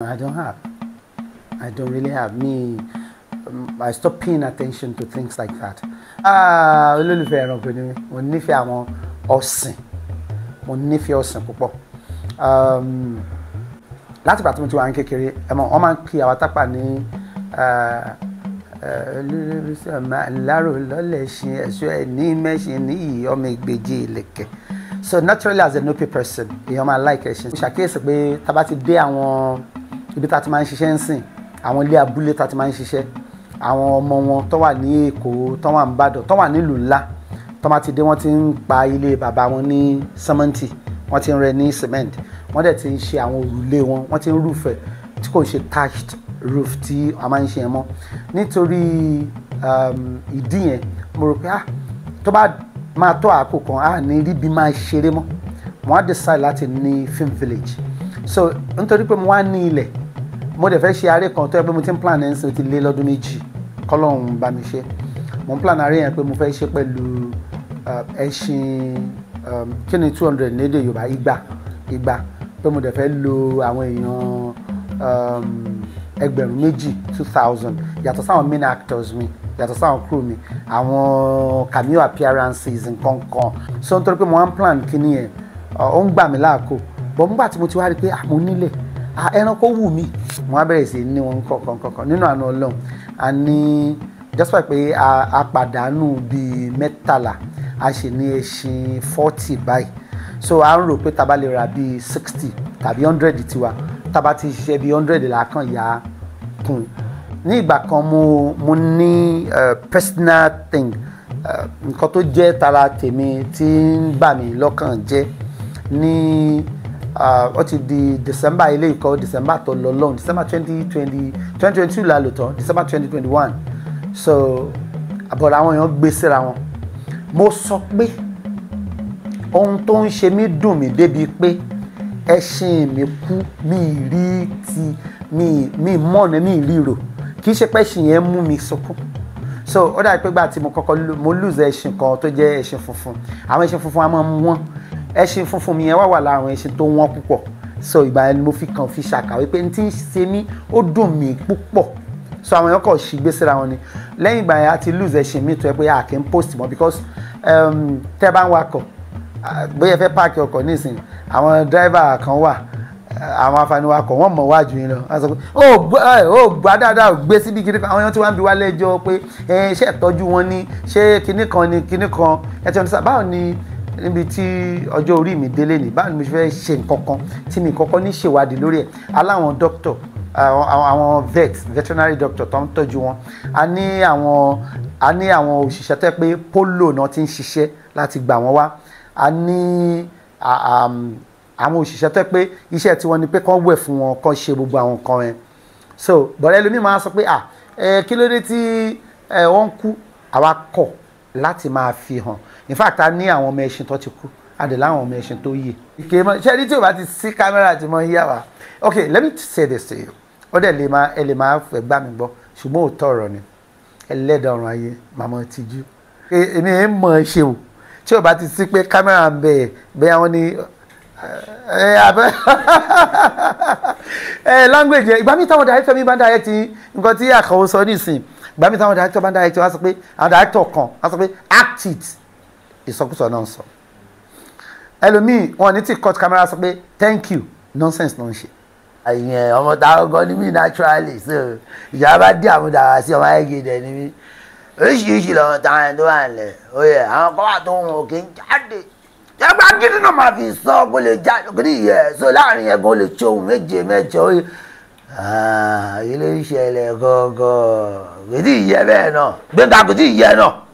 I don't have. I don't really have. Me, um, I stop paying attention to things like that. Ah, Olólùfẹ́ ẹranko ni mi, mo nífẹ̀ẹ́ àwọn ọ̀sìn, mo nífẹ̀ẹ́ ọ̀sìn púpọ̀. Um, láti ìgbà tí mo ti wà ní kékeré, ẹ̀mọ̀ wọ́n máa ń pe àwọn tápà ní ah, ah, láró lọ́lẹ̀ ṣe ẹ̀ṣọ́ ẹ̀ ní mẹ́ṣin ní ìyí ọmọ ìgbèjì ìlẹ̀kẹ̀. So naturally as a Nupe person, èèyàn máa like ẹ̀ṣin. Mo ṣàkíyèsí pé tá a bá ti dé àwọn ibi tá a ti máa ń ṣiṣẹ́ ń sìn àwọn ilé abúlé tá a ti máa ń ṣiṣẹ́ àwọn ọmọ wọn tó wà ní Èkó tó wà ní Ìbàdàn tó wà nílùú ńlá tó máa ti dé wọ́n ti ń pa ilé bàbá wọn ní sẹ́mẹ́ǹtì wọ́n ti ń rẹ ní cement wọ́n dẹ̀ ti ń ṣe àwọn òrùlé wọn wọ́n ti ń rúfẹ̀ tí kò ṣe thatched roof tí a máa ń ṣe yẹn mọ́ nítorí um, ìdí yẹn mo rò pé ah tó bá máa tó àkókò kan a ní ríbi máa ṣeré mọ́ mo á decide láti ní film village so nítorí pé mo wá ní ilẹ̀ mo dẹ̀ fẹ́ ṣe aré kan tó yẹ pé mo ti ń plan ẹ̀ ń sìn ti lé lọ́dún méjì kọ́lọ́hún bá mi ṣe mo ń plan aré yẹn pé mo fẹ́ ṣe pẹ̀lú eh, ẹṣin um, kí ni two hundred lédè Yorùbá igba igba pé mo dẹ̀ fẹ́ lo àwọn èèyàn um, ẹgbẹ̀rún méjì two thousand yàtọ̀ sáwọn main actors mi yàtọ̀ sáwọn crew mi àwọn cameo appearances nǹkan kan so nítorí pé mo wá ń plan kíní yẹn ó ń gbà mí láàkó bọ̀ nígbà tí mo ti wá rí i pé àmọ́ nílẹ̀ ẹranko wù mí wọ́n á bẹ̀rẹ̀ sí ní wọn kọ̀ọ̀kan nínú àna ọlọ́run a ní jọ́sọ̀ pé a pàdánù bíi mẹ́tàlá a sì ní ẹṣin forty báyìí so a ń rò pé tá lè ra bíi sixty tàbí hundred tiwa tá a ti ṣiṣẹ́ bíi hundred làákàn yá kún ní ìgbà kan mo mo ní personal thing nǹkan tó jẹ́ tara tèmi tí ń bà mí lọ́kàn jẹ́ ní ó ti di december ilé ìkọ́ december tó lọ lọ́hùn december twenty twenty twenty twenty two la lò tán december twenty twenty one so àbọ̀dọ̀ àwọn èèyàn gbé síra wọn mo sọ pé ohun tó ń ṣe mí dùn mí débi pé ẹṣin mi kú mi rí ti mi mi mọ̀nà mi ríro kì í ṣe pé ẹṣin yẹn mú mi sọkún so ó dàbí pé gbà tí mo kọ́kọ́ mo lose ẹṣin kan tó jẹ́ ẹṣin funfun àwọn ẹṣin funfun a máa mú wọn ẹṣin funfun mi yẹn wà wà lára àwọn ẹṣin tó wọ́n púpọ̀ so ìgbà yẹn ni mo fi kàn fi ṣàkàwé pé n ti ń ṣe mí ó dùn mí púpọ̀ so àwọn yẹn kọ̀ ṣìgbé síra wọn ni lẹ́yìn ìgbà yẹn a ti lose ẹṣin mi tó yẹ pé a kì í post mọ́ because um, tẹ́ bá ń wakọ̀ bóyá fẹ́ páàkì ọkọ̀ nísìnyí àwọn dírẹ́fà kan wà àwọn afaniwakọ̀ wọ́n mọ̀ wájú yín lọ wọ́n sọ pé ó gbá dáadáa gbé síbi kíní kan àwọn èèyàn tí wọ́n ń bi wá lẹ́jọ́ pé ṣé ìtọ́jú wọn ní ṣé kíní kan ní kíní kan ẹ̀ tí wọ́n ti sá báwo ni níbi tí ọjọ́ orí mi délé ní báwo ni mo fẹ́ ṣe nǹkan kan tí mi kọ́kọ́ ní ṣèwádìí lórí ẹ̀ aláwọn dókítọ̀ àwọn vet veterinary doctor tó ń tọ́jú wọn a ní àwọn a òṣìṣẹ́ tó yẹ pé polo náà ti ń ṣiṣẹ́ láti gbà wọ́n wá a ní àwọn òṣìṣẹ́ tó yẹ pé iṣẹ́ tiwọn ni pé kán wẹ̀ fún wọn kán ṣe gbogbo àwọn nǹkan yẹn so bọ̀dẹ́ lómi máa sọ pé ah kí ló dé tí wọ́n ń kú àwa kọ̀ láti máa fi hàn in fact a ní àwọn ọmọ ẹṣin tó ti kú àdèlà àwọn ọmọ ẹṣin tó yè. ìkè mọ ṣé ẹni tí o bá ti sí kámẹ́rà tí mo ń yà ok let me say this to you ó dẹ̀ lè máa ẹ lè máa fẹ́ gbá mi gbọ́ ṣùgbọ́n òótọ́ ọ̀rọ̀ ni ẹlẹ́dàá ọ̀run ayé màmá ti jú èmi ẹ̀ mọ̀ ẹ́ ṣe o tí o bá ti sí pé kámẹ́rà ń bẹ̀ bẹ́ẹ̀ wọ́n ní language ìgbà mi táwọn director mi bá ń direct nǹkan tí àkàwọ́ sọ nísìnyí ìgbà mi táwọn director bá ń direct wá sọ pé àwọn director kan wá sọ pé act it ìsọkúsọ náà sọ ẹlòmíì wọn ní tí court camera sọ pé thank you nonsense ló ń ṣe. àyìn ọmọ táwọn gan ni mí naturally so ìjà bá dé àwọn dàrá sí ọmọ ayége dẹ ni mí oríṣiríṣi lọ́wọ́ táwọn tó wà nílẹ̀ oyè àwọn kọ́wà tó ń wọ̀ kí n jáde ẹgbẹ́ gidi náà máa fi sọ kó lè já kó ní ìyẹ so láàrin yẹn kó lè tí ohun méje mẹ́jọ oyè ilé ah, iṣẹ́ ilẹ̀ gọ́gọ́ kò tí ì yẹ bẹ́ẹ̀ náà gbẹ̀ngà kò tí ì yẹ náà.